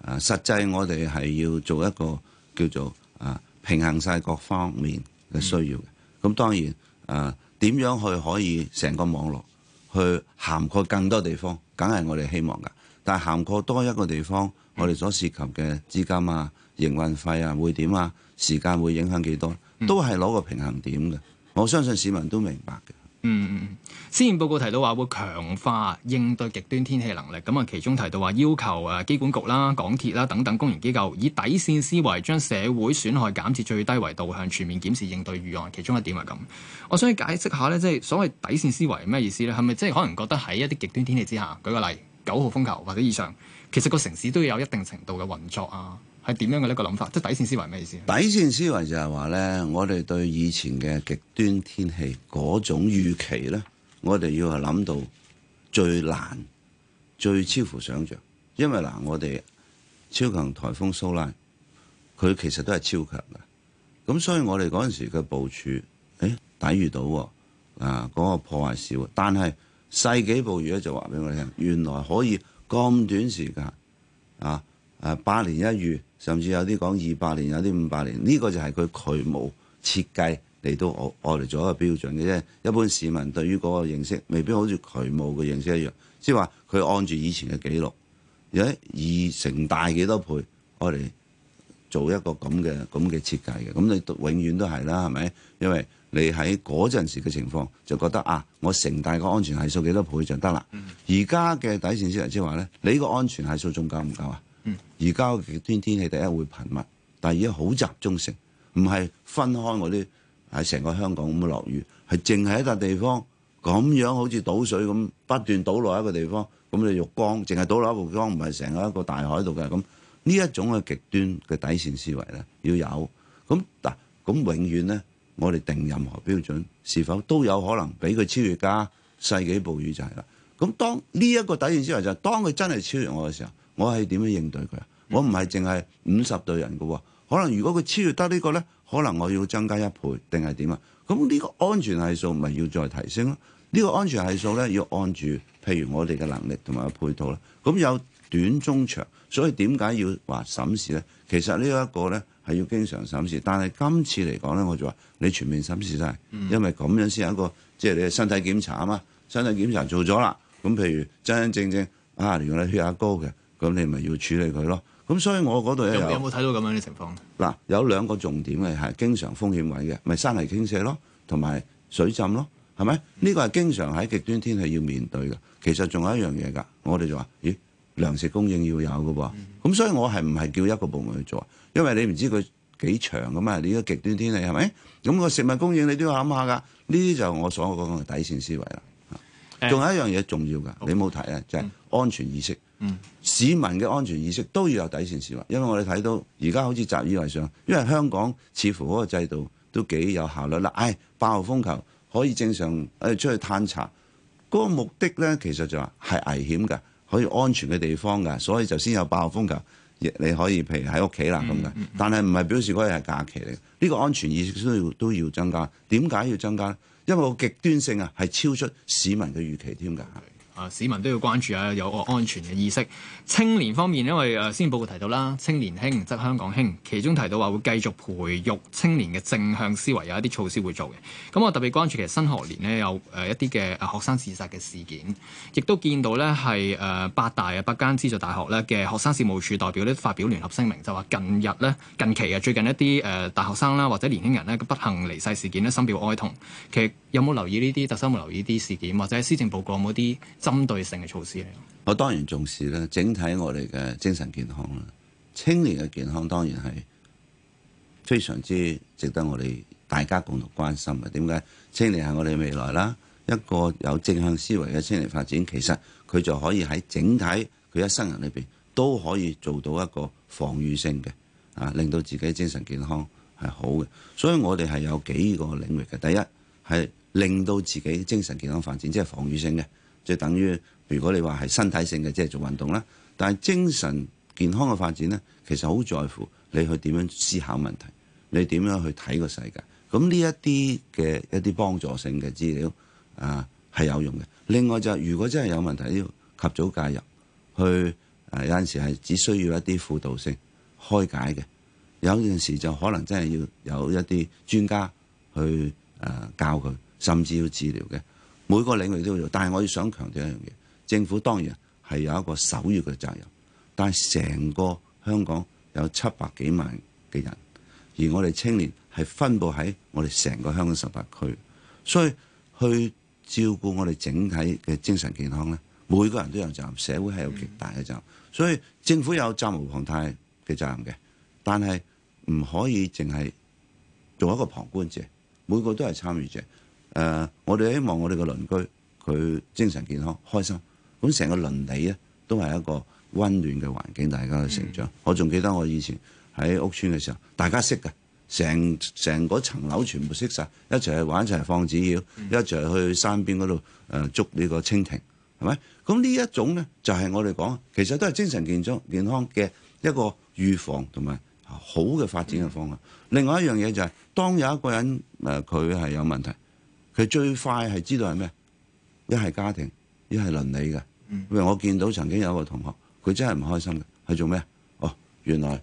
呃，實際我哋係要做一個叫做啊、呃、平衡晒各方面嘅需要嘅。咁、嗯、當然。誒，點樣去可以成個網絡去涵蓋更多地方，梗係我哋希望噶。但係涵蓋多一個地方，我哋所涉及嘅資金啊、營運費啊，會點啊？時間會影響幾多？都係攞個平衡點嘅。我相信市民都明白嘅。
嗯，施政報告提到話會強化應對極端天氣能力，咁啊，其中提到話要求誒，機管局啦、港鐵啦等等公營機構以底線思維，將社會損害減至最低為導向，全面檢視應對預案。其中一點係咁，我想解釋下呢，即係所謂底線思維咩意思呢？係咪即係可能覺得喺一啲極端天氣之下，舉個例九號風球或者以上，其實個城市都要有一定程度嘅運作啊。係點樣嘅一個諗法？即係底線思維咩
意思？底線思維就係話咧，我哋對以前嘅極端天氣嗰種預期咧，我哋要係諗到最難、最超乎想象因為嗱，我哋超強台風蘇拉，佢其實都係超強嘅。咁所以我哋嗰陣時嘅部署，誒、欸，抵禦到啊，嗰個破壞少。但係世紀暴雨咧，就話俾我哋聽，原來可以咁短時間啊！誒八年一遇，甚至有啲講二百年，有啲五百年，呢、這個就係佢渠務設計嚟到我我哋做一個標準嘅啫。一般市民對於嗰個認識，未必好似渠務嘅認識一樣，即係話佢按住以前嘅記錄，而喺以成大幾多倍，我嚟做一個咁嘅咁嘅設計嘅。咁你永遠都係啦，係咪？因為你喺嗰陣時嘅情況就覺得啊，我成大個安全系數幾多倍就得啦。而家嘅底線先嚟講話咧，你個安全係數仲夠唔夠啊？而家極端天氣第一會頻密，但係而家好集中性，唔係分開嗰啲，係成個香港咁嘅落雨，係淨係一笪地方咁樣好似倒水咁不斷倒落一個地方，咁你浴缸淨係倒落一個浴缸，唔係成個一個大海度嘅。咁呢一種嘅極端嘅底線思維咧要有，咁嗱咁永遠咧，我哋定任何標準，是否都有可能俾佢超越？加世紀暴雨就係啦，咁當呢一個底線思維就係、是、當佢真係超越我嘅時候。我係點樣應對佢？我唔係淨係五十對人㗎喎，可能如果佢超越得呢個呢，可能我要增加一倍定係點啊？咁呢個安全係數唔係要再提升咯？呢個安全係數呢，要按住，譬如我哋嘅能力同埋配套啦。咁有短、中、長，所以點解要話審視呢？其實呢一個呢，係要經常審視，但係今次嚟講呢，我就話你全面審視晒，因為咁樣先係一個，即係你嘅身體檢查啊嘛。身體檢查做咗啦，咁譬如真真正正啊，原來血壓高嘅。咁你咪要處理佢咯。咁所以我嗰度有冇睇到咁樣嘅
情況？
嗱，有兩個重點嘅係經常風險位嘅，咪山泥傾瀉咯，同埋水浸咯，係咪？呢、嗯、個係經常喺極端天氣要面對嘅。其實仲有一樣嘢㗎，我哋就話咦，糧食供應要有嘅噃。咁所以我係唔係叫一個部門去做？因為你唔知佢幾長㗎嘛。你個極端天氣係咪？咁、那個食物供應你都要諗下㗎。呢啲就係我所講嘅底線思維啦。仲、嗯、有一樣嘢重要㗎，嗯、你冇提呀，就係、是、安全意識。嗯、市民嘅安全意識都要有底線市民，因為我哋睇到而家好似習以為常，因為香港似乎嗰個制度都幾有效率啦。唉、哎，八號風球可以正常誒、哎、出去探查，嗰、那個目的呢，其實就係係危險嘅，可以安全嘅地方㗎，所以就先有八號風球，亦你可以譬如喺屋企啦咁嘅。但係唔係表示嗰日係假期嚟？呢、這個安全意識都要都要增加。點解要增加呢？因為個極端性啊係超出市民嘅預期添㗎。
市民都要關注啊，有個安全嘅意識。青年方面，因為啊，先報告提到啦，青年興則香港興。其中提到話會繼續培育青年嘅正向思維，有一啲措施會做嘅。咁、嗯、我特別關注其實新學年呢，有誒一啲嘅學生自殺嘅事件，亦都見到呢係誒、呃、八大啊八間資助大學咧嘅學生事務處代表咧發表聯合聲明，就話近日呢，近期啊最近一啲誒、呃、大學生啦或者年輕人呢，不幸離世事件呢，深表哀痛。其實有冇留意呢啲，特首有冇留意啲事件，或者施政報告有冇啲？針對性嘅
措施嚟。我當然重視啦。整體我哋嘅精神健康啦。青年嘅健康當然係非常之值得我哋大家共同關心嘅。點解？青年係我哋未來啦，一個有正向思維嘅青年發展，其實佢就可以喺整體佢一生人裏邊都可以做到一個防禦性嘅啊，令到自己精神健康係好嘅。所以我哋係有幾個領域嘅。第一係令到自己精神健康發展，即係防禦性嘅。就等於如果你話係身體性嘅，即係做運動啦。但係精神健康嘅發展呢，其實好在乎你去點樣思考問題，你點樣去睇個世界。咁呢一啲嘅一啲幫助性嘅資料啊係有用嘅。另外就係、如果真係有問題，要及早介入，去、啊、有陣時係只需要一啲輔導性開解嘅，有陣時就可能真係要有一啲專家去誒、啊、教佢，甚至要治療嘅。每個領域都要做，但係我要想強調一樣嘢，政府當然係有一個首要嘅責任，但係成個香港有七百幾萬嘅人，而我哋青年係分佈喺我哋成個香港十八區，所以去照顧我哋整體嘅精神健康呢，每個人都有責任，社會係有極大嘅責任，所以政府有責無旁貸嘅責任嘅，但係唔可以淨係做一個旁觀者，每個都係參與者。誒，uh, 我哋希望我哋嘅鄰居佢精神健康、開心，咁成個鄰里咧都係一個溫暖嘅環境，大家去成長。Mm. 我仲記得我以前喺屋村嘅時候，大家識嘅，成成嗰層樓全部識晒，一齊去玩，一齊放紙鷂，mm. 一齊去山邊嗰度誒捉呢個蜻蜓，係咪？咁呢一種咧就係、是、我哋講，其實都係精神健康健康嘅一個預防同埋好嘅發展嘅方向。Mm. 另外一樣嘢就係、是，當有一個人誒佢係有問題。佢最快係知道係咩？一係家庭，一係倫理嘅。嗯、譬如我見到曾經有個同學，佢真係唔開心嘅，係做咩？哦，原來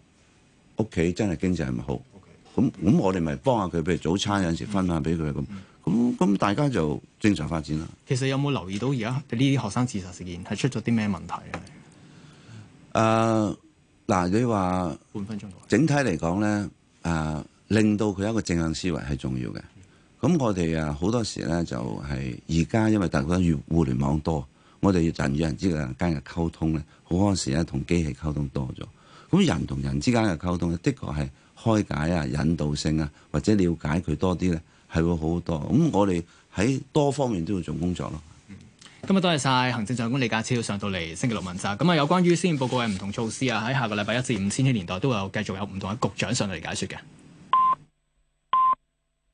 屋企真係經濟唔好。咁咁 Okay、嗯，我哋咪幫下佢，譬如早餐有陣時分享俾佢咁。咁咁、嗯，大家就正常發展啦。
其實有冇留意到而家呢啲學生自殺事件係出咗啲咩問題啊？誒嗱、呃
呃，你話半分鐘，整體嚟講咧，誒、呃、令到佢一個正向思維係重要嘅。咁我哋啊好多時咧就係而家因為特別係互互聯網多，我哋要人與人之間嘅溝通咧，好多時咧同機器溝通多咗。咁人同人之間嘅溝通咧，的確係開解啊、引導性啊，或者了解佢多啲咧，係會好好多。咁我哋喺多方面都要做工作咯。嗯、
今日多謝晒行政長官李家超上到嚟星期六問責。咁、嗯、啊，有關於施政報告嘅唔同措施啊，喺下個禮拜一至五，千禧年代都有繼續有唔同嘅局長上嚟解説嘅。